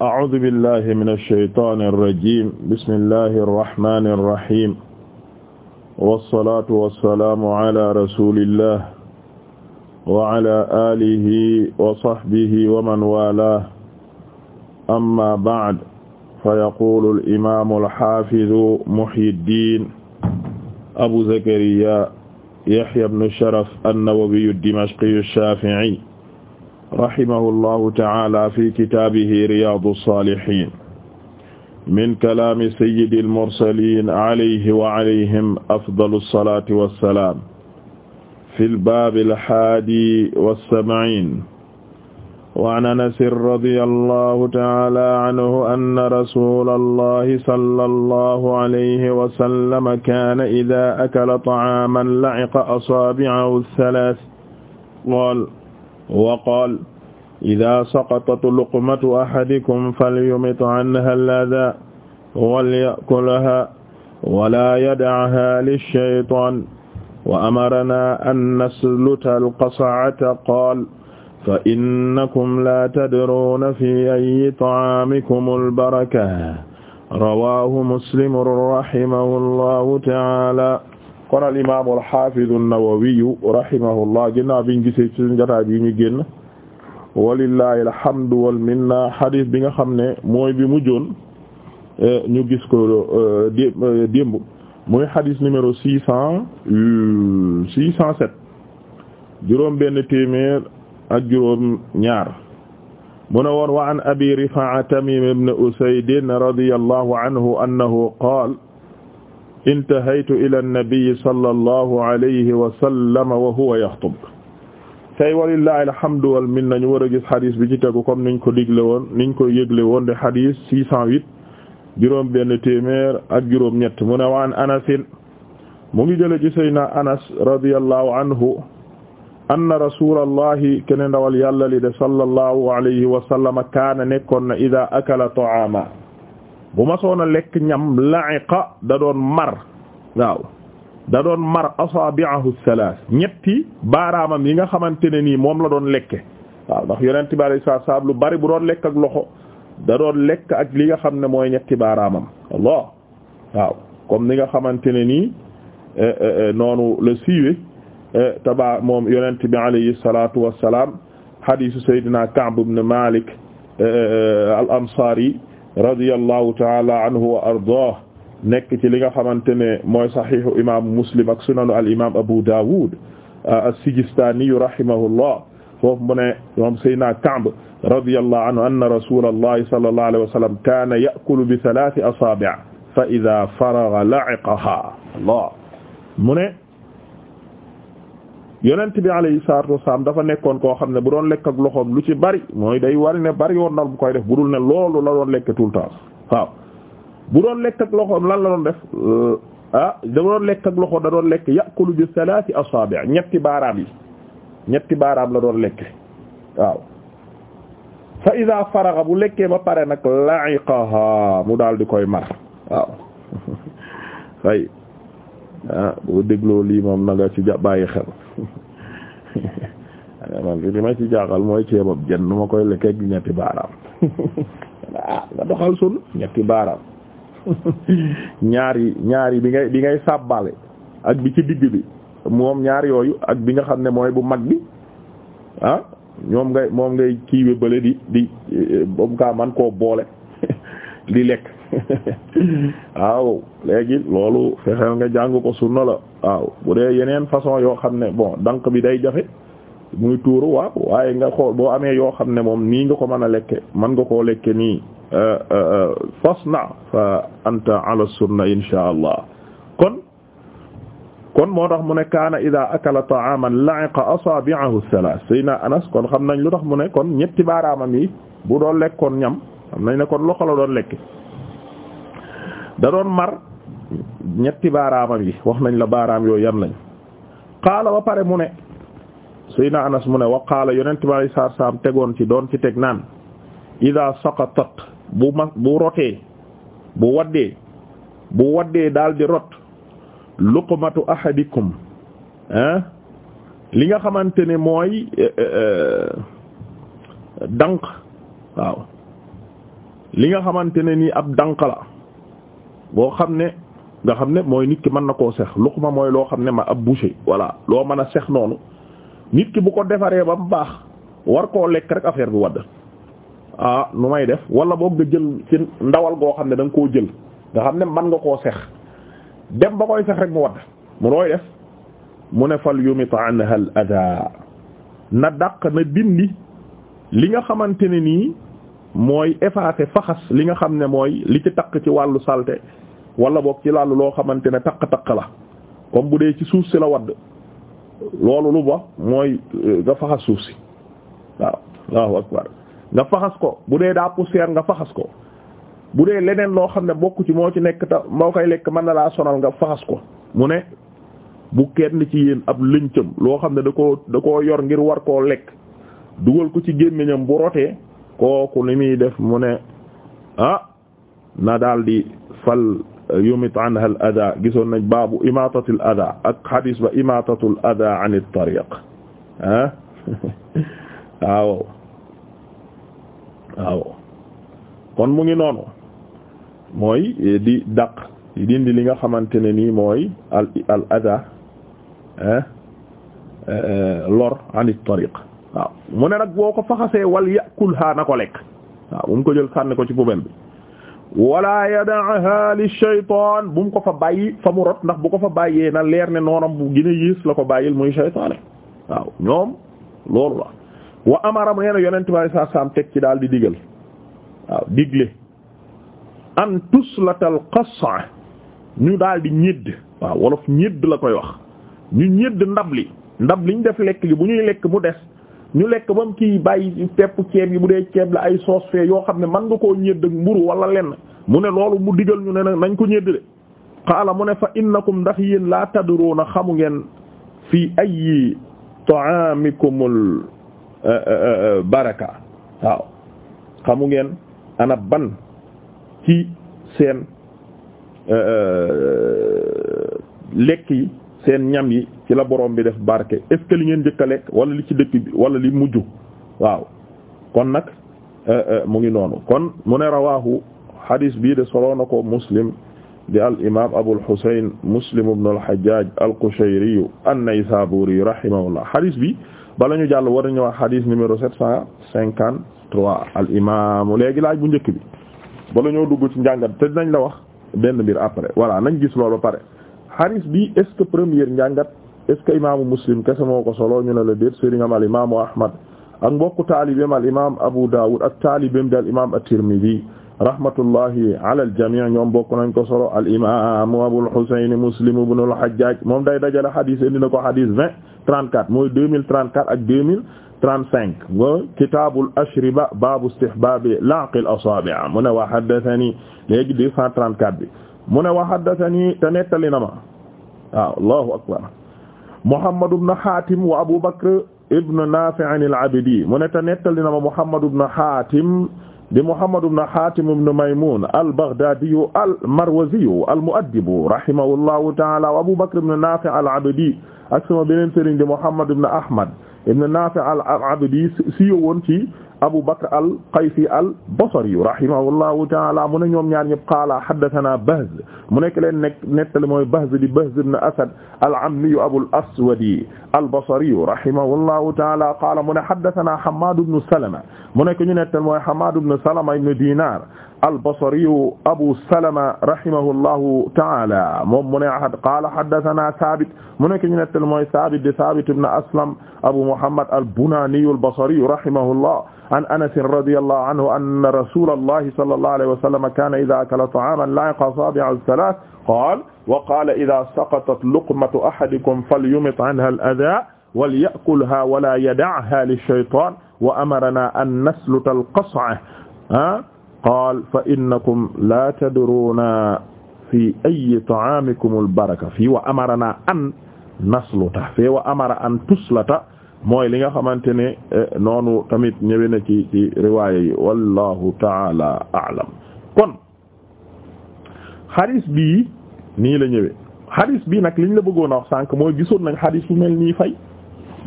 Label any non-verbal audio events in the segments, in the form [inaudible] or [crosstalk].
a'uuzu billahi mina shaytaani rajiim bismillahi rahmaani rahiim wasalaatu wasalaamu ala rasulillah wa ala aalihi wa sahbihi wa man waalaahu amma ba'd fa yaquulu al-imaamu al-haafizu Muhyiddin Abu Zakariyaa Yahyaa ibnu Sharaf an-Nawawi ad-Dimashqi ash-Shaafi'i rahimahullahu ta'ala fi kitaabihi riyaadu saalihiin min kalaami sayyidil mursaliin alayhi wa alayhim afdalu salaati wa salaam fil baabil haadi wa sab'iin wa an anasin radiyallahu ta'ala anhu anna rasuulallahi sallallahu alayhi wa sallam kaana idaa akala ta'aaman la'iqa asaabi'ahu ath-thalaath qaala wa qaal ida saqatat luqmatu ahadikum falyumit anha al-adha walyakulaha wala yadaaha lilshaytan wa amarana an nasluta alqasaata qaal fa innakum la tadruuna fi ayi taamikum albaraka rawahu muslimun rahimahu allahu taala kon al imaam al haafiz an-Nawawi rahimahullah ginnaaw biñ gisee ci jotaay bi ñu génn walillahi alhamdu wal minna hadith bi nga xam ne mooy bi mujjoon ñu gis ko démb mooy hadith numéro six cent six cent sept juróom benn téeméer ak juróom ñaar mu ne woon wa an abi Rifaa'a Tamiim ibn Usayd radiyallahu anhu annahu qaala intahaytu ila nnabiyi sallallahu alayhi wa sallam wa huwa yaxtub tey walillahi alhamdu wal minna ñu war a gis xadis bi ci tegu comme niñ ko digle woon niñ ko yëgle woon de xadis six cent huit juróom benn téeméer ak juróom ñett mu ne waan anasin mu ngi jële ci sayna anas radiyallahu anhu anna rasulallahi kene ndawal yàlla li de sallallahu alayhi wa sallam kaana nekkoon na ida akala ta'ama bu ma soon a lekk ñam la'iqa da doon mar waaw da doon mar asaabi'ahu thalath ñetti baaraamam yi nga xamante ne nii moom la doon lekke waaw ndax yonent bi alayhi salaatu lu bari bu doon lekk ak loxo da doon lekk ak li nga xam ne mooy ñetti baaraamam Allah waaw comme ni nga xamante ne nii eh, eh, eh, noonu la siiwe tabaa moom yonent bi alayhi salaatu wassalaam hadiisu Seydina Ka'b ibn Malik al-Ansaari radiyallahu taala anhu wa ardaah nekk ci li nga xamante ne mooy saxiixu imaamu muslim ak sunanu al imaam Abu Daawud ah, as-Sijistaani rahimahullah foofu mu ne moom Seydina Ka'b radiyallahu anhu anna rasuulallahi sallallahu alayhi wa sallam kaana ya'kulu bi thalaati asaabi' fa idaa faragha la'iqahaa Allah mu ne yonent bi alayhi salaatu wasalaam dafa nekkoon koo xam ne bu doon lekk ak loxoom lu ci bari mooy day wari ne bari woon na bu koy def bu dul ne loolu la doon lekk tout temps waaw bu doon lekk ak loxoom lan la doon def euh, ah da doon lekk ak loxo da doon lekk yàqulu bi salaati asaabi' ñetti baaraam yi ñetti baaraam la doon lekk waaw fa iza faraga bu lekkee ba pare nag la'iqaha mu daal di koy mar waaw [laughs] ah boo dégloo lii moom na nga ci ja bàyyi xel [laughs] li ma ci jaaxal mooy ceebab jën nu ma koy lekkeek ñetti baaraam [laughs] ah nga doxal sun ñetti baaraam [laughs] ñaari ñaari bi ngay bi ngay sàbbale ak bi ci digg bi moom ñaar yooyu ak bi nga xam ne mooy bu mag bi ah ñoom ngay moom ngay kii bële di di eh, eh, boobu kaa man koo boole di lekk [laughs] waaw léegi loolu fexeel nga jàng ko sunna la waaw bu dee yeneen façon yoo xam ne bon dank bi day jafe muy tuuru waaw waaye nga xool boo amee yoo xam ne moom nii nga ko mën a lekke mën nga koo lekke nii euh, euh, euh, fasna fa anta ala sunna insha allah kon kon moo tax mu ne kaana ida akala ta'aman la'iqa asabi'ahu thalath sayna anas kon xam nañ lu tax mu ne kon ñetti baaraamam yi bu doon lekkoon ñam xam nañ ne kon loxo la doon lekk da doon mar ñetti baaraamam yi wax nañ la baaraam yooyu yan lañ qaala ba pare mu ne Seydina Anas mu ne wa qaala yonent bi alayhi salaatu salaam tegoon ci doon ci teg naan ida saqatat bu ma bu rotee bu waddee bu waddee daal di rot luqmatu ahadikum li nga xamante ne mooy eh, eh, eh, danq waaw li nga xamante ne nii ab danq la boo xam ne nga xam ne mooy nit ki mën na koo sex ma mooy loo xam ne ma ab bouchée voilà loo mën a sex noonu nit ki bu ko defaree ba mu baax war koo lekk rek affaire bi wadd ah nu may def wala boog nga jël ci ndawal goo xam ne da koo jël nga xam ne mën nga koo sex dem ba koy sex rek mu wadd mu nooy def mu ne fal yumit anha al ada na dàq na dindi li nga xamante ne nii mooy effacer faxas li nga xam ne mooy li ci takk ci wàllu salte wala boog ci làll loo xamante ne takk-takk la comme bu dee ci suuf si la wadd loolu lu ba mooy euh, nga faxas suuf si waaw Allahu akbar nga ko bu dee daa poussière nga faxas ko bu dee leneen loo xam ne bokk ci moo ci nekk ta moo koy lekk mën na laa sonal nga faxas ko mu ne bu kenn ci yéen ab lëncëm loo xam ne da ko da koo yor ngir war koo lekk dugal ko ci gémmiñam bu rotee kooku li muy def mu ne ah na di fal yumit anha al ada gisoon nañ baabu imatati al ada ak hadis ba imatatu al ada an al tariq ah, [laughs] kon mu ngi noonu mooy di daq di li nga xamante ne nii mooy al al ada eh, eh, eh, lor an al tariq waaw mu ne nag boo ko faxasee wal ya'kulha na ko lekk waaw bu mu ko jël sànni ko ci poubelle bi wala yada'aha li shaytaan bu mu ko fa bàyyi fa mu rot ndax bu ko fa bàyyee na leer ne noonam bu gën yiis la ko bàyyil muy shaytaane waaw ñoom loolu la wa amara nee na yonent bi teg ci dal di digal waaw digle an tuslatal qas'a ñu daal di ñedd waaw wolof ñedd la koy wax ñu ñedd ndab li ndab liñ def lekk gi bu ñuy lekk mu des ñu lekk ba mu kii bàyyi tepp ceeb yi bu dee ceeb la ay soos fee yoo xam ne man nga koo ñedd ak mburu wala lenn mu ne loolu mu digal ñu ne nañ ko ñedd de xaala mu ne fa innakum ndax yéen laa tadruuna xamu ngeen fii ayyi ta'amikumul eh, eh, eh, baraka waaw xamu ngeen ana ban ci seen lekk yi seen ñam yi ci la borom bi def barke est li ngeen njëkk lekk wala li ci dëkk bi wala li mujj waaw kon nag eh, eh, mu ngi noonu kon mu ne rawahu hadis bii de soloo na ko muslim di al imam abul husayn muslim ibn al hajjaj al qushayri an-naysaburi rahimahullah hadis bi bala ñu jàll war nañu wax hadis numéro sept cent cinquante trois al imam léegi laaj bu njëkk bi bala ñoo dugg ci njàngat te nañ la wax benn mbir après voilà nañ gis loolu ba pare hadis bi est ce que première njàngat est ce que imaamu muslim kese moo ko solo ñu ne la déet sëriñam al imaamu ahmad ak mbokku taalibeem al imaam abu dawud ak taalibeem di al imaam at-tirmidhi rahmatullahi ala al jamii ñoom bokk nañ ko solo al imaamu abul husayn muslim ibn al hajjaj moom day dajale hadis indi na ko hadis vingt trente quatre mooy deux mille trente quatre ak deux mille trente cinq wa kitaabul ashriba baabu istihbaabi laqil asaabi' mu ne wa haddathani léegi deux cent trente quatre bi mu ne wa haddathani te nettali na ma waaw allahu akbar Muhammad ibn Hatim wa Abu Bakr ibn Nafi' al-Abdi mu ne te nettali na ma Muhammad ibn Hatim di Muhammad ibn Hatim ibn Maymun al-Baghdadi al-Marwazi al-mu'addib rahimahullahu ta'ala wa Abu Bakr ibn Nafi' al-Abdi ak sama beneen sëriñ di Muhammad ibn Ahmad ibn Nafi al-Abdi siyo woon ci Abu Bakr al-Qaysi al-Basri rahimahullahu ta'ala mu ne ñoom ñaar ñëpp qaala haddathana Bahz mu nekk leen nekk nettali mooy Bahz di Bahz ibn Asad al-Ammi Abu al-Aswad al-Basri rahimahullahu ta'ala qaala mu ne haddathana Hammad ibn Salama mu nekk ñu nettali mooy Hammad ibn Salama ibn Dinar albasariyu abu salama rahimahullahu taala moom mu ne qaala haddasanaa Saabit mu nekk ñu nettal mooy Saabit di Saabit ibn Aslam abu Muhammad al-Bunaaniyu al-Basriyu rahimahullah an Anas radiyallahu anhu anna rasuulallahi sallallahu alayhi wa sallam kaana izaa akala ta'aaman la'iqa asaabi'ahu ath-thalaath qaala wa qaala izaa saqatat luqmatu ahadikum falyumit 'anhaa al-adhaa walya'kulhaa wa laa yada'haa lish-shaytaan wa amaranaa an nasluta al-qas'a ah? qaal fa innakum la tadruuna fi ayi ta'amikum albaraka fii wa amarana an nasluta fii wa amara an tuslata mooy li nga xamante ne eh, noonu tamit ñëwee na ci ci riwaaya yi wallahu taala aalam kon xadis bii nii la ñëwee xadis bii nag liñ la bëggoon a wax sànq mooy gisoon nag xadis bu mel nii fay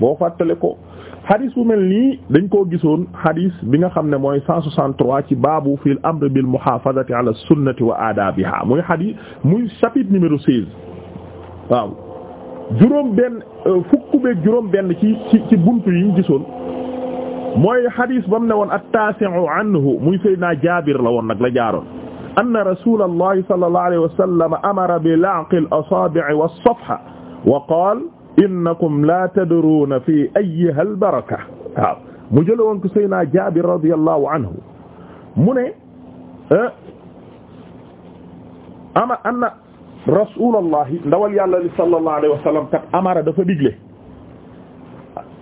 boo fàttale ko xadis bu mel nii dañ koo gisoon xadis bi nga xam ne mooy 163 ci baabu fil amr bil muhaafazati ala sunnati wa aadaabiha muy xadis muy chapitre numéro 16 waaw juróom benn euh, fukk beeg juróom benn ci ci ci buntu yi ñu gisoon mooy xadis ba mu ne woon at-taasi'u anhu muy Seydina Jaabir la woon nag la jaaroon anna rasuulallahi sallallahu alayhi wa sallam amara bi la'qi al-asaabi'i was-safha wa qaala innakum la tadruuna fi ayyiha albaraka waaw mu jële woon ko Seydina Jaabir radiyallahu anhu mu ne eh, ama anna rasulallahi ndawal yàlla li sallallahu alayhi wa sallam kat amara dafa digle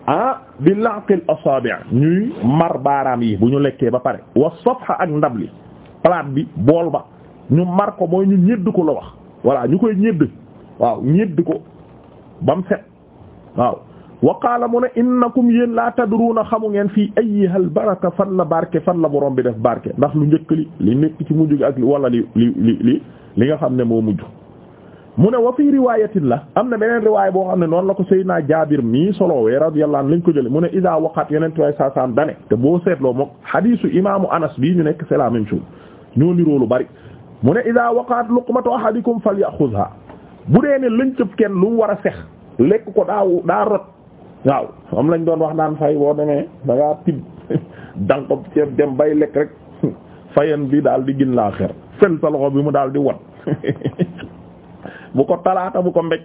ah bi laqil asaabi' ñuy mar baaraam yi bu ñu lekkee ba pare wa safha ak ndab li palaat bi bool ba ñu mar ko mooy ñu ñëdd ko la wax voilà ñu koy ñëdd waaw ñëdd ko ba mu set waaw wa qaala mu ne innakum yéen laa tadruuna xamu ngeen fii ayyihal baraka fan la barke fan la borom bi def barke ndax lu njëkk li li nekk ci mujj gi ak wala li li li nga xam ne moo mujj mu ne wa fii riwaayatin la am na beneen riwaay boo xam ne noonu la ko Seydina Jaabir mii solowee radiyallahu anhu lañ ko jële mu ne idaa waqaat yeneen ti saa saam dane te boo seetloo moom hadiisu imaamu Anas bii ñu nekk c'est la même chose ñoo lu bari mu ne idaa waqaat luqmatu ahadikum falyaxuzha bu dee ne lëncëb kenn lu war a sex lekk ko daa daa rot waaw am lañ doon wax naan fay boo demee da ngaa tibb [laughs] dankob ceeb dem bay lekk rek [laughs] fayen bi daal di gin laa xer fen sa loxo bi mu daal di wat [laughs] bu ko talaata bu ko mbéj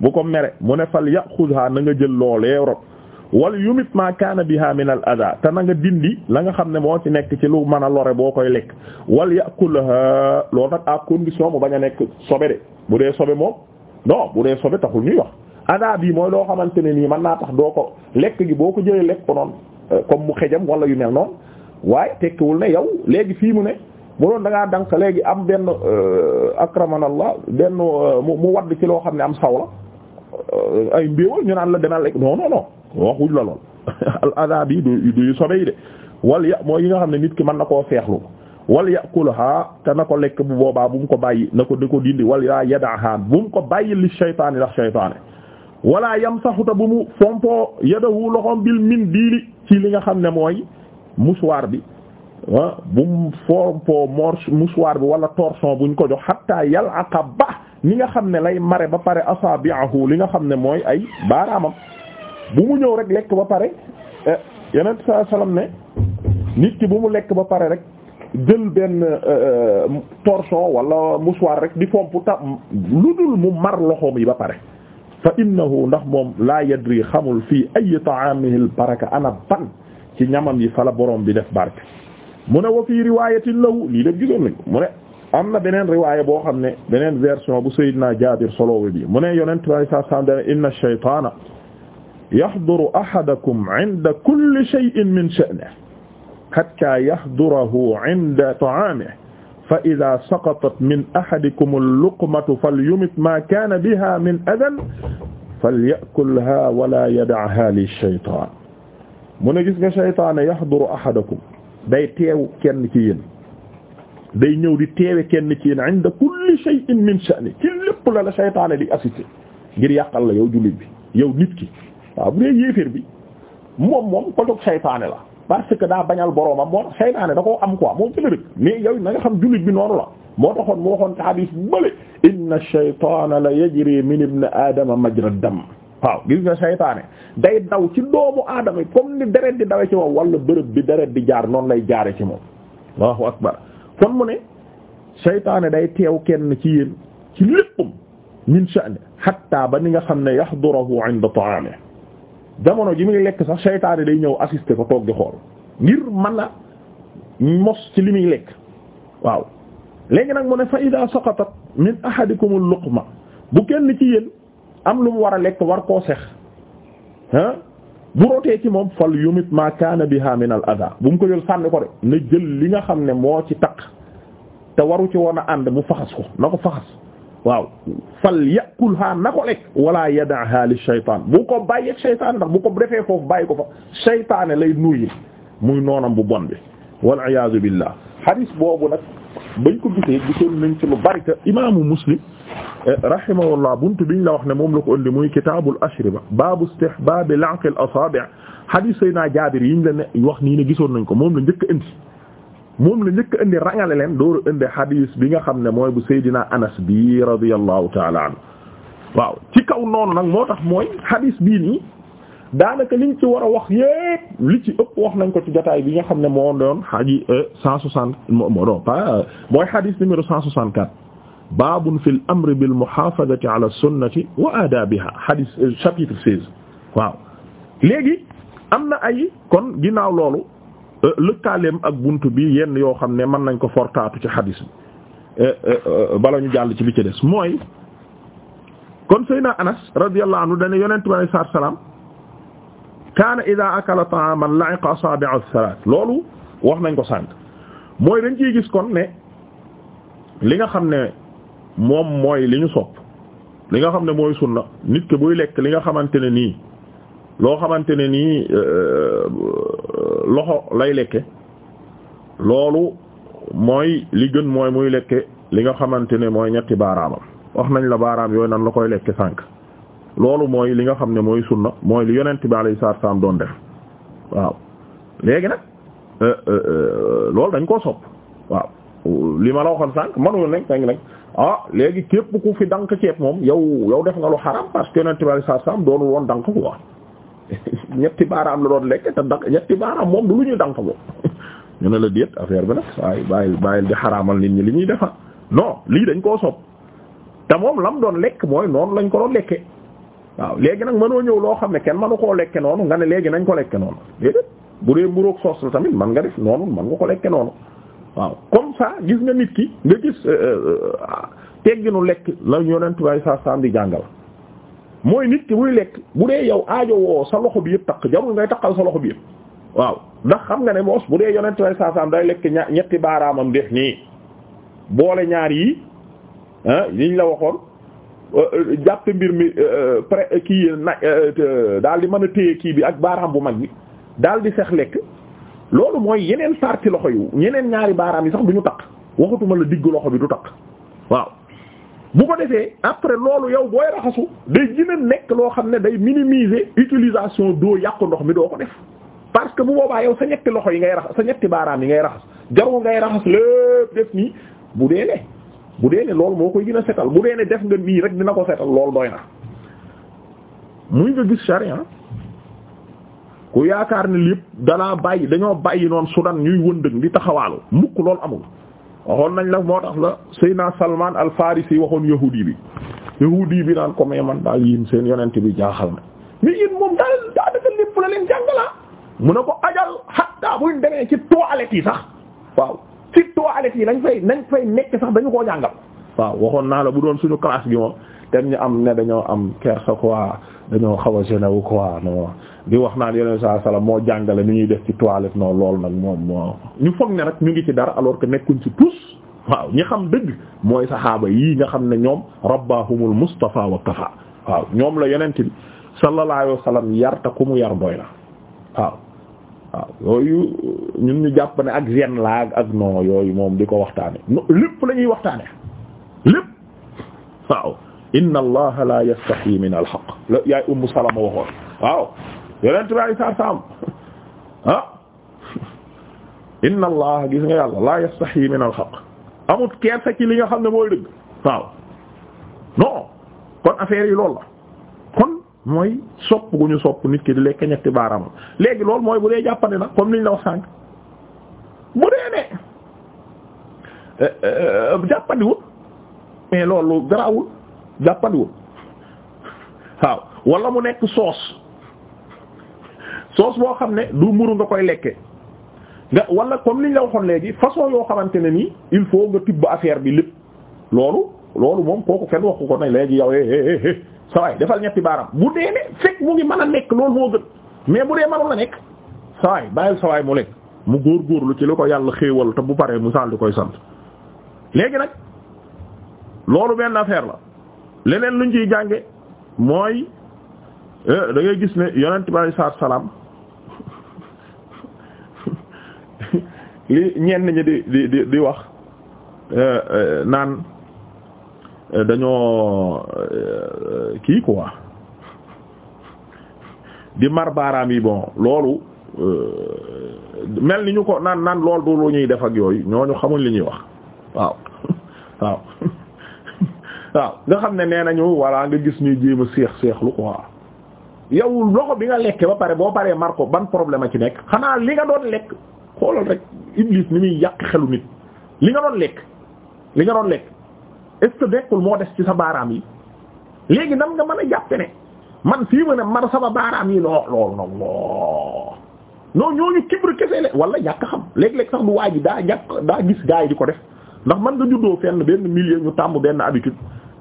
bu ko mere mu ne fal yaxudha na nga jël loolee rot wal yumit ma kaana biha min al ada te na nga dindi la nga xam ne moo ci nekk ci lu mën a lore boo koy lekk wal yakulaha lool nag à condition mu bañ a nekk sobe de bu dee sobe moom non bu dee sobe taxul ñuy wax ada bi mooy loo xamante ne nii mën naa tax doo ko lekk gi boo ko jëlee lekk ko noonu euh, comme mu xejam wala yu mel noonu waaye tekkiwul ne yow léegi fii mu ne bu doon da ngaa dank léegi am benn euh, akramanallah benn euh, mu wadd ci loo xam ne am saw ay mbéewal ñu naan la demal lekk non non waxuñ la lool [laughs] al ada bi du du sobe yi de wal ya mooy yi nga xam ne nit ki mën na koo feexlu wal yaqulaha te na ko lekk bu boobaa bu mu ko bàyyi na ko da ko dindi wal yaa yadaha bu mu ko bàyyi li shaytaani ndax shaytaane wala yamsaxuta bu mu fompo yadahu loxoom bil min diili ci li nga xam ne mooy mouchoir bi ah bu mu fompo mor mouchoir bi wala torchon buñ ko jox hatta yal'aqa ba ni nga xam ne lay mare ba pare asabi'ahu li nga xam ne mooy ay baaraamam bu mu ñëw rek lekk ba pare yeneen saa salaam ne nit ki bu mu lekk ba pare rek. jël benn euh, euh, torchon wala mouchoir rek di fomp ta lu dul mu mar loxoom yi ba pare fa innahu ndax moom laa yadri xamul fii ay ta'amihi al baraka ana ban ci ñamam yi fala borom bi def barke mu ne wa fii riwayatin lahu lii def gisoon lañ mu ne am na beneen riwaaya boo xam ne beneen version bu sayyidina Jaabir solowe bi mu ne yonent bi saa saam dane inna shaytaana yahduru ahadakum inda kulli shay'in min sha'nihi hatta yahdurahu inda ta'amihi fa ida saqatat min ahadikum alluqmatu falyumit ma kaana biha min adan falyakulha wala yadaaha licheytan mu ne gis nga cheytaane yahduru ahadakum day teew kenn ci yéen day ñëw di teewe kenn ci yéen inda kulli shay'in min sha'ni ci lépp la la cheytaane di assisté ngir yàqal la yow jullit bi yow nit ki waaw bu dee yéeféer bi moom moom ko dog cheytaane la parce que daa bañal boroomam moo tax seytaane da ko am quoi moom ci la dëkk mais yow na nga xam jullit bi noonu la moo taxoon mu waxoon ci hadis bële inna shaytaana la yajri min ibn aadama majra dam waaw gis nga seytaane day daw ci doomu aadama yi comme ni deret di dawe ci moom wala bërëb bi deret di jaar noonu lay jaare ci moom allahu akbar kon mu ne seytaane day teew kenn ci yéen ci léppam min sha'ni hatta ba ni nga xam ne yahdurahu inda ta'amihi jamono ji muy lekk sax seytaane day ñëw assister ko toog di xool ngir mën a mos ci li muy lekk waaw léegi nag mu ne fa ida saqatat min ahadikumul ma bu kenn ci yéen am lu mu war a lekk war koo sex ah bu rotee ci moom fal yumit ma kaana biha min al adha bu mu ko jël sànni ko de na jël li nga xam ne moo ci taq te waru ci woon a ànd mu faxas ko na ko faxas waaw fal yakulha na ko lekk wala yadaaha li shaytaan bu ko bàyyeeg shaytaan ndax bu ko defee foofu bàyyi ko fa shaytaane lay nuyu muy noonam bu bon bi wal iyaazu billah hadis boobu nag bañ ko gisee gisoon nañ ci lu bari te imaamu muslim rahimahullah buntu biñ la wax ne moom la ko ëndi muy kitaabul ashriba baabu istihbaabi la'q al asaabi' hadis sayna jaabir yiñ la ne wax nii ne gisoon nañ ko moom la njëkk a moom la njëkk indi rangale leen dooru indi hadis bi nga xam ne mooy bu Seydina Anas bi radiyallahu taala anhu waaw ci kaw noon nag moo tax mooy hadis bii ni daanaka liñ ci war a wax yépp li ci ëpp wax nañ ko ci jotaay bi nga xam ne moo doon xaji euh, cent soixante moo doon pas mooy hadis numéro cent soixante quatre baabun fil amri bil muhaafadati ala sunnati wa aadaabiha hadis euh, chapitre seize waaw léegi am na ay kon ginaaw loolu Euh, lëkkaaleem ak bunt bi yenn yoo xam ne mën nañ ko fortaatu ci xadis bi euh, euh, bala ñu jàll ci bi ci des mooy kon Seydina Anas radiyallahu anhu dane yonent bi alayhi salaatu wa salaam kaana idaa akala ta'aaman la'iqa salaat loolu wax nañ ko sànq mooy dañ ciy gis kon ne li nga xam ne moom mooy li ñu sopp li nga xam ne mooy sunna nit ki buy lekk li nga xamante ne nii loo xamante ne nii euh, euh, loxo lay lekke loolu mooy li gën mooy muy lekke li nga xamante ne mooy ñetti baaraamam wax nañ la baaraam yooyu nan la koy lekke sànq loolu mooy li nga xam ne mooy sunna mooy li yonent bi alayhi salaatu salaam doon def waaw léegi nag euh, loolu dañ koo sob waaw li ma la waxoon sànq mënuñu nag sànq nag ah léegi képp ku fi dànq ceeb moom yow yow def nga lu xaram parce que yonent bi alayhi salaatu salaam doonul woon dank quoi [laughs] ñetti baaraam la doon lekk te daq ñetti baaraam moom du lu ñuy dànk moom [laughs] ñu ne la déet affaire bi nag waaye bàyyil bàyyil di xaraamal nit ñi li ñuy defa non lii dañ koo sopp te moom lam doon lekk mooy noonu lañ ko doon lekke waaw léegi nag mënoo ñëw loo xam ne kenn mënu koo lekke noonu nga ne léegi nañ ko lekke noonu déedéet bu dee mburoog soos la tamit man nga def noonu man nga ko lekke noonu waaw comme ça gis nga nit ki nga gis euh, euh, euh, ah, tegginu lekk la yonent waaye sa sam di jàngal mooy nit ki buy lekk bu dee yow aajo woo sa loxo bi yëpp takk jarul ngay takkal sa loxo bi yëpp waaw ndax xam nga ne moos bu dee yonent saa saasaam day lekk ña ñetti baaraamam def nii boole ñaar yi ah ñu la waxoon jàpp mbir mi euh, euh, pré euh, kii na daal di mën a téye kii bi ak baaraam bu mag bi daal di fex lekk loolu mooy yeneen parti loxo yu ñeneen ñaari baaraam yi sax bu ñu takk waxatuma la diggu loxo bi du takk waaw bu ko defee après loolu yow booy raxasu day gën a nekk loo xam ne day minimiser utilisation d'eau yàqu ndox mi doo ko def parce que bu boobaa yow sa ñetti loxo yi ngay raxas sa ñetti baaraam yi ngay raxas jarul ngay raxas lépp def nii bu dee ne bu dee ne loolu moo koy gën a setal bu dee ne def nga nii rek dina ko setal loolu doy na muy nga gis charia ku yaakaar ne lépp dalaa bàyyi dañoo bàyyi noonu sudan ñuy wëndëg di taxawaalu mukk loolu amul waxoon nañ la moo tax la Seyna Salman al Farisi waxoon yahudi bi yahudi bi naan ko mais man daal seen yonent bi jaaxal na mais ah. mu ne ko ajal hatta buñ demee ci toilettes yi sax waaw ci toilettes yi lañ fay nañ fay nekk sax dañu koo jàngal waaw waxoon naa la bu doon suñu classe gi moom tem ñu am ne dañoo am kersa quoi dañoo xaw a genewu quoi non di wax naan yeneen saa salaam moo jàngale nu ñuy def ci toilette non lool nag moom moo ñu foog ne rek ñu ngi ci dara alors que nekkuñ ci tous waaw ñi xam dëgg mooy saxaaba yi nga xam ne ñoom rabbahumul mustafa wa kafa waaw ñoom la yonent bi sallallahu laa wasallam yar te ku mu yar doy na waaw waaw yooyu ñun ñu jàpp ne ak zen laag ak non yooyu moom di ko waxtaane lépp la ñuy waxtaane lépp waaw inna allaha la yastahi min al haqq la yaay ummu salama waxoon waaw yonent bi alei saatu salam ah inna allaha gis nga yàlla la yastahi min al haqq amut kersa ci li nga xam ne mooy dëgg waaw non kon affaire yi lool la kon mooy sopp gu ñu sopp nit ki di lekk ñetti baaraam léegi loolu mooy bu dee jàppandi nag comme liñ la wax sànq bu dee ne eh, eh, eh, jàppandiwul mais loolu garawul jàppandiwul waaw wala mu nekk soos soos boo xam ne du mburu nga koy lekke nga wala comme liñ la waxoon léegi façon yoo xamante ne nii il faut nga tibb affaire bi lépp loolu loolu moom kooku kenn waxu ko ne léegi yow eh, eh, eh, eh sa waay defal ñetti baaram bu dee ne fekk mu ngi mën a nekk loolu moo gën mais bu dee mënul a nekk sa waay bàyyil sa waay mu lekk mu góorgóorlu ci li ko yàlla xéewal te bu paree mu saal koy sant léegi nag loolu benn affaire la leneen luñ ciy jànge mooy eh, dangay gis ne yonent bi alayhi salaatu salaam [laughs] li ñenn ñi di di di wax eh, eh, naan dañoo kii quoi di mar baaraam yi bon loolu mel ni ñu ko naan naan lool du lu ñuy def ak yooyu ñooñu xamuñ li ñuy wax waaw [laughs] waaw waaw nga xam ne nee nañu voilà nga gis ñuy jéem a seex seexlu waaw yow loxo bi nga lekkee ba pare boo paree marko ban problème a ci nekk xanaa li nga doon lekk xoolal rek iblis ni muy yàq xelu nit li nga doon lekk li nga doon lekk est nekkul moo des ci sa baaraam yi léegi nag nga mën a jàppe ne man fii ma ne mar sama baaraam yi loo loolu nag loo non ñooñu kibru kese la wala ñàkk xam léeg-léeg sax du waa daa ñàkk daa gis gaa yi di ko def ndax man nga juddoo fenn benn milieu ñu tàmm benn habitude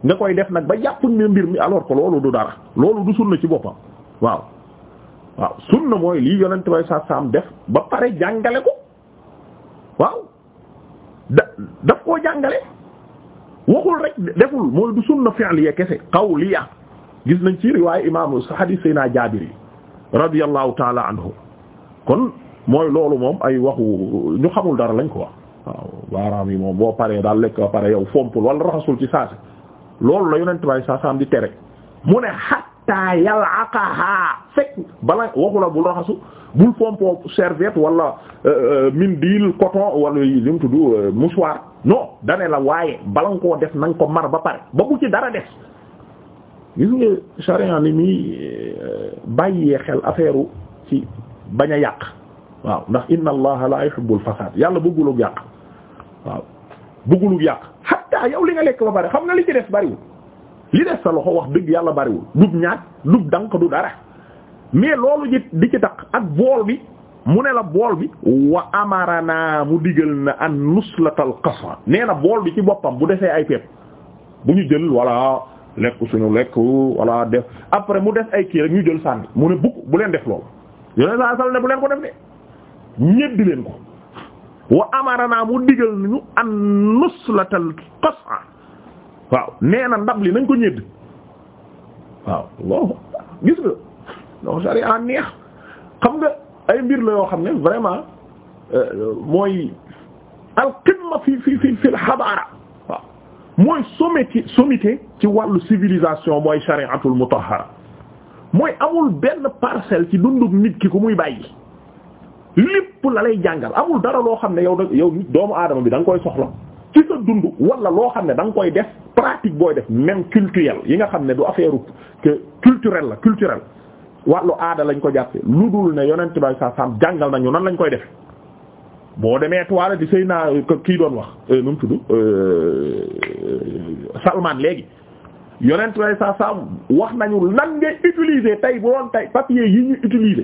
nga koy def nag ba jàpp ne mbir mi alors ko loolu du dara loolu du sunna ci boppam waaw waaw sunna mooy lii yonent bay sa saam def ba pare jàngale ko waaw da daf koo jàngale waxul rek deful mooy du sunna fi'liya kese qawliya gis nañ ci riwaay imaamu hadith sayna jaabir yi radiyallahu taala anhu kon mooy loolu moom ay waxu ñu xamul dara lañ ko wax waaw baaraam yi moom boo paree daal lekk ba pare yow fompul wala raxasul ci saasi loolu la yonent bay saa di tere mu ne hatta yalaqaha fekk bala waxula bul raxasu bul fompo serviette wala euh, euh, mindil coton wala li mu tudd euh, mouchoir la waaye bala nga koo def na ko mar ba pare ba bu ci dara def gis nga charia li muy bàyyee xel affaire ci bañ yàq waaw ndax inna allaha la yuhibbul fasad yàlla bëggulug yàq waaw bëggulug yàq hatta yow li nga lekk ba pare xam nga li ci des bariwul li des sa loxo wax dëgg yàlla bariwul dub ñaat dub dank du dara mais loolu ji di ci taq ak bool bi mu ne la bool bi wa amarana mu digal na an nuslatal qasa nee na bool bi ci boppam bu defee ay pepp bu ñu jël walla lekk suñu lekk walla def après mu def ay kii rek ñu jël sànni mu ne bukk bu leen def loolu yoneen saa sal bu leen ko def de ñeddi leen ko wa amarana mu digal nañu an nuslatal qas'a waaw nee na ndab li nañ ko ñedd waaw gis nga non sharia neex xam nga ay mbir la yoo xam ne vraiment euh, mooy al qimma fi fi fi fi al hadara waaw mooy sommité sommité ci wàllu civilisation mooy shari'atul mutahhara mooy amul benn parcelle ci dundug nit ki ku muy bàyyi lépp la lay jàngal amul dara loo xam ne yow da yow doomu aadama bi da nga koy soxla ci sa dund wala loo xam ne danga nga koy def pratique booy def même culturel yi nga xam ne du affaire que culturel la culturel wàllu aada lañ ko jàppe lu dul ne yonent bi sa sam jàngal nañu nan lañ koy def boo demee toilette di sëy naa kii doon wax euh, nu mu tudd euh, Salman léegi yonent bi sa sam wax nañu lan ngay utiliser tey bu doon tey papier yi ñu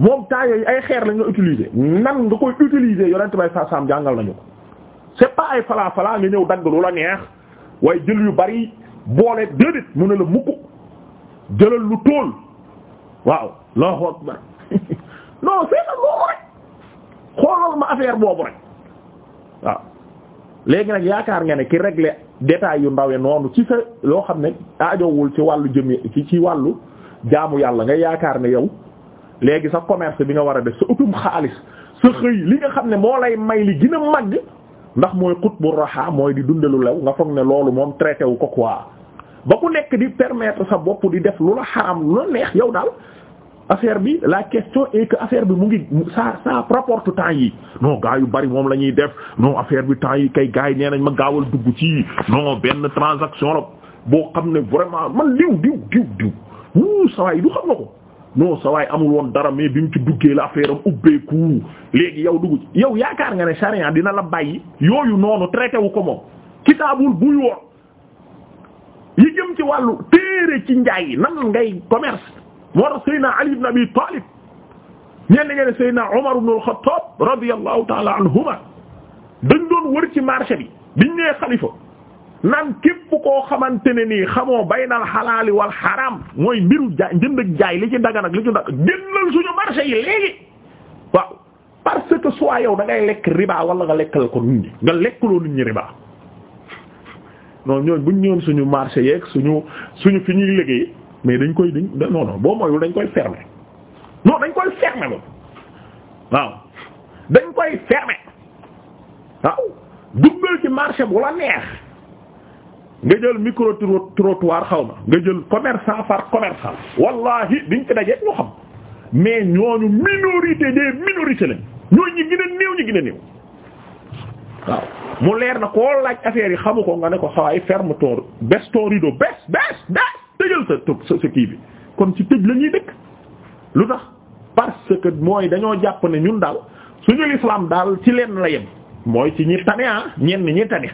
moom temps yooyu ay xeer lañ la utiliser nan nga koy utiliser yonent bay sa sam jàngal nañu ko c'est pas ay fala fala nga ñëw dagg lu la neex waaye jël yu bari boole déedéet mu ne la mukk jëlal lu tool waaw loo xool ba ma affaire boobu rek waaw léegi nag yaakaar nga ne ki régler détails yu ndawe noonu ci sa loo xam ne aajowul ci wàllu jëme ci ci wàllu jaamu yàlla ngay yaakaar ne yow léegi sa commerce bi nga war a def sa utum xaalis sa xëy li nga xam ne moo lay may li gën a màgg ndax mooy xutbu raxa mooy di dundalu lew nga foog ne loolu moom traité wu ko quoi ba ku nekk di permettre sa bopp di def lu la xaram lu la neex yow daal affaire bi la question est que affaire bi mu ngi ça ça rapporte temps yi non gars yu bari moom la ñuy def non affaire bi temps yi kay gars yi nee nañ ma gaawal dugg ci non benn transaction la boo xam ne vraiment man diw diw yi non sa waay amul woon dara mais bi mu ci duggee la affaire am ubbeeku léegi yow dugg ci yow yaakaar nga ne sharia dina la bàyyi yooyu noonu traité wu ko moom kitaabul buy woon yi jëm ci wàllu téere ci njaay nan ngay commerce moo tax Seydina Ali ibn Abi Talib ñenn ñeneen Seydina Omar ibn al-Khattab radiyallahu ta'ala anhuma dañ doon wër ci marché bi biñ nee xalifa nan képp koo xamante ne nii xamoo baynal xalaali wal xaraam mooy mbiru jaay njënd jaay li ci dagan ak li ci dagan génnal suñu marché yi léegi waaw parce que soit yow da ngay lekk riba wala nga lekkal ko nit ñi nga lekkaloo nit ñi riba non ñooñu buñ ñëwoon suñu marché yeeg suñu suñu fi ñuy liggéey mais dañ koy dañ non non boo moyul dañ koy fermer non dañ koy fermer moom waaw dañ koy fermer waaw duggal ci marché bu la neex. nga jël micro trottoir xaw ma nga jël commerçant par commerçant wallahi diñ ko dajeeg ñu xam mais ñooñu minorité des minorités lañ ñooñu ñi gën néew ñi gën néew waaw mu leer na koo laaj affaire yi xamu ko nga ne ko xawaay ferme ton baisse ton rideau baisse baisse baisse tëjal sa sa kii bi kon ci tëj lañuy ñuy dëkk lu tax parce que mooy dañoo jàpp ne ñun daal suñu l'islam daal ci leen la yem mooy ci ñi tane ah ñenn ñi tane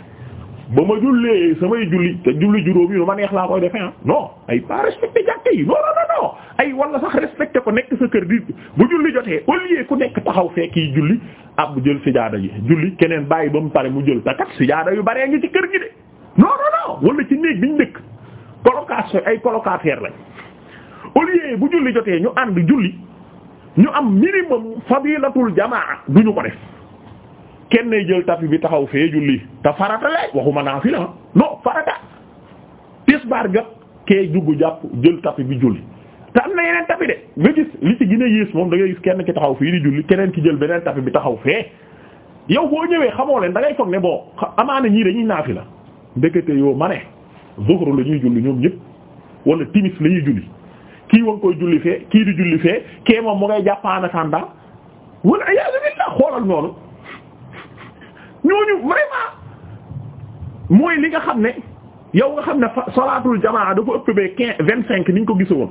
ba ma jullee samay julli te julli juróom nu ma neex laa koy defee ah non ay pas respecté jàkke yi non non ay wala sax respecté ko nekk sa kër di bu julli jotee au ku nekk taxaw fekk yi julli ab bu jël sijaada yi julli keneen bàyyi ba mu pare mu jël takat sijaada yu baree ngi ci kër gi de non non non ci néeg biñ dëkk colocation ay colocataire lañ au lieu bu julli jotee ñu ànd julli ñu am minimum fadilatul jamaa duñu ko def kenn jël tapi bi taxaw fee julli te farata lay waxuma naafila non farata tisbaar jot kee juggu jël tapi bi julli te am na yeneen tapi de gën a yées moom da ngay kenn ki taxaw fii di julli keneen ki jël beneen tapi bi taxaw fee yow boo ñëwee xamoo leen da ngay foog ne amaana ñii dañuy naafila ndekete yoo ma ne ñuy julli ñoom ñëpp wala timis la ñuy julli kii wa kii di julli fee kee moom mu ngay jàpp en attendant wala iyaazu billah xoolal noonu ñooñu vraiment mooy li nga xam ne yow nga xam ne salaatul jamaa dafa ëpp ba quinze vingt cinq ni ñu ko gisoon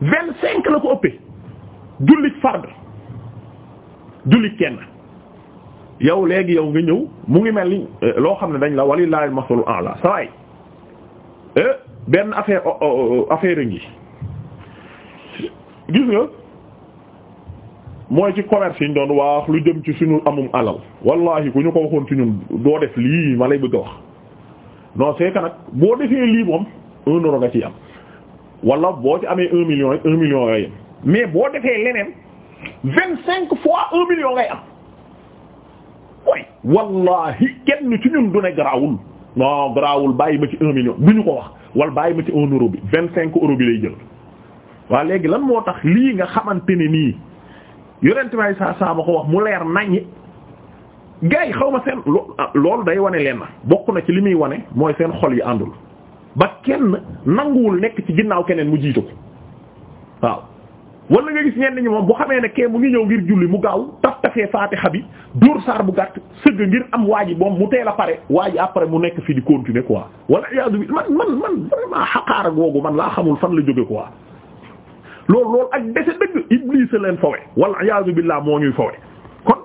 vingt cinq la ko ëppee jullit fard jullit kenn yow léegi yow nga ñëw mu ngi mel ni euh, loo xam ne dañ la walillahi masalu a'la sawaay euh, benn affaire oh, oh, oh, affaire ngi gis nga mooy ci commerce yi ñu doon wax lu jëm ci suñu amum alal wallahi ku ñu ko waxoon ci ñun doo def lii ma lay bëgg a wax non c'est nag boo defee lii moom un euro nga ci am wala boo ci amee un million un million ngay am mais boo defee leneen vingt cinq fois un million ngay am way wallahi kenn ci ñun du ne garaawul non garaawul bàyyi ma ci un million du ñu ko wax wala bàyyi ma ci un euro bi vingt cinq euro bi lay jël waa léegi lan moo tax lii nga xamante ne nii yonent may saa saa ma ko wax mu leer naññi gars yi xaw ma seen loolu day wane leen na bokk na ci li muy wane mooy seen xol yi àndul ba kenn nanguwul nekk ci ginnaaw keneen mu jiitu ko waaw wala nga gis ñenn ñi moom bu xamee ne kee mu ngi ñëw ngir julli mu gaaw taf tafee faatixa bi dóor saar bu gàtt sëgg ngir am waa ji moom mu teel la pare waa ji après mu nekk fi di continuer quoi wala iyadu bi man man man vraiment xaqaara googu man laa xamul fan la jóge quoi loolu loolu ak dese dëgg Iblis leen fowe wal iyaazu billaah moo ñuy fowe kon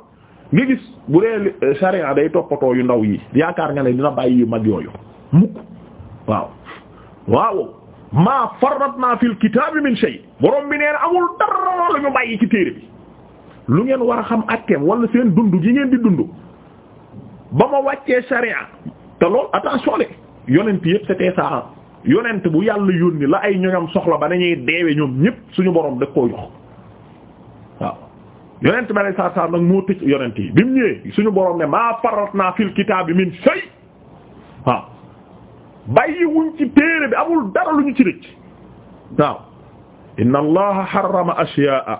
nga gis bu dee euh, sharia day toppatoo yu ndaw yi yaakaar nga ne dina bàyyi mag yooyu mukk waaw waaw maa farratna fil kitaabi min shay borom bi nee amul dara lu bàyyi ci téere bi lu ngeen war a xam atteem wala seen dund gi ngeen di dund ba ma wàccee sharia te lool attention de yonent yépp c'était ça yonent bu yàlla yónni la ay ñoñam soxla ba nañuy deewe ñoom ñépp suñu borom da koo jox yonent bi alay saatu moo tëj yonent yi bi mu ñëwee suñu borom ne maa faratna fil kitaabi min shay waaw bàyyi wuñ ci téere bi amul dara lu ñu ci rëcc waaw inna allaha harrama ashya'a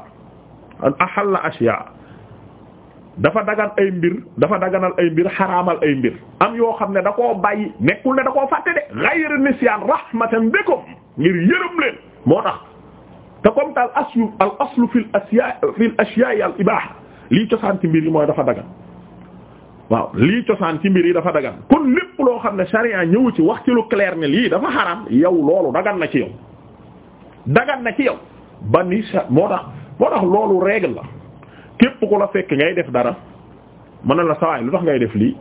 an ahalla ashya'a dafa dagan ay mbir dafa daganal ay mbir xaraamal ay mbir am yoo xam ne dakoo koo bàyyi nekkul ne da koo fàtte de ghayr nisyaan rahmatan bikum ngir yërëm leen moo tax te comme tal aslu al aslu fil asya fil ashiya al ibaha lii cosaan ci mbir yi mooy dafa dagan waaw lii cosaan ci mbir yi dafa dagan kon lépp loo xam ne sharia ñëwu ci wax ci lu ne lii dafa xaraam yow loolu dagan na ci yow dagan na ci yow ba moo tax moo tax loolu règle képp ku la fekk ngay def dara mën na la sawaay lu tax ngay def lii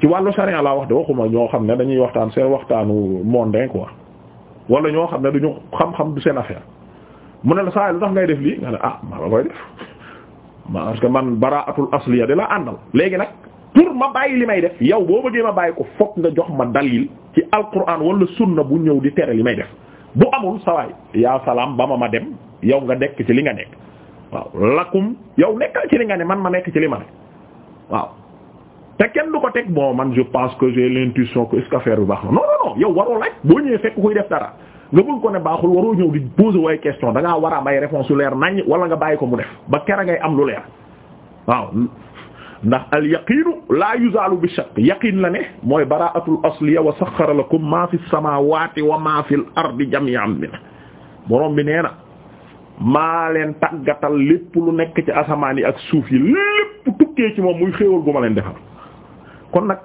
ci wàllu charia laa wax de waxuma ñoo xam ne dañuy waxtaan seen waxtaanu mondain quoi wala ñoo xam ne duñu xam-xam du seen affaire mu ne la sawaay lu tax ngay def lii nga ne ah maa la koy def parce que man baraatul asliya di la àndal léegi nag pour ma bàyyi li may def yow boo dee ma bàyyi ko fokk nga jox ma dalil ci alquran wala sunna bu ñëw di tere li may def bu amul sawaay yaa salaam ma ma dem yow nga nekk ci li nga nekk waaw lakum yow nekkal ci li nga ne man ma nekk ci li ma ne waaw te kenn du ko teg moo man je pense que j'ai l'intuition que est que affaire bi baax na non non non yow waroo laaj boo ñëwee fekk kuy def dara nga bëgg ko ne baaxul waroo ñëw di poser way question danga ngaa war a am ay réponse lu leer nañ wala nga bàyyi ko mu def ba kera ngay am lu leer waaw ndax al yaqiinu la yuzalu bi shakk yaqin la ne mooy bara'atul asliya wa saxara lakum ma fi samawati wa ma fil ardi jami'an min borom bi nee na maa leen tàggatal lépp lu nekk ci asamaan yi ak suuf yi lépp tukkee ci moom muy xéewal gu ma leen defal kon nag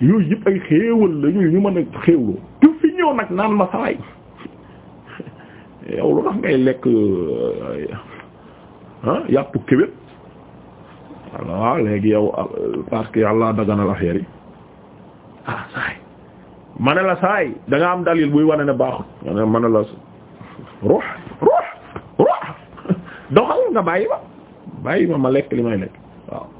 yooyu yëpp ay xéewal la yooyu ñu mën a xéewloo te fi ñëw nag naan ma sawaay yow lu tax ngay lekk ah yàpp kébét waaw léegi yow parce que yàlla daganal affaire yi ah, ma ne la saay danga nga am dalil buy wane ne baaxut ma ne la ruux ruux [laughs] doxal nga bàyyi ma bàyyi ma ma lekk li may lekk waaw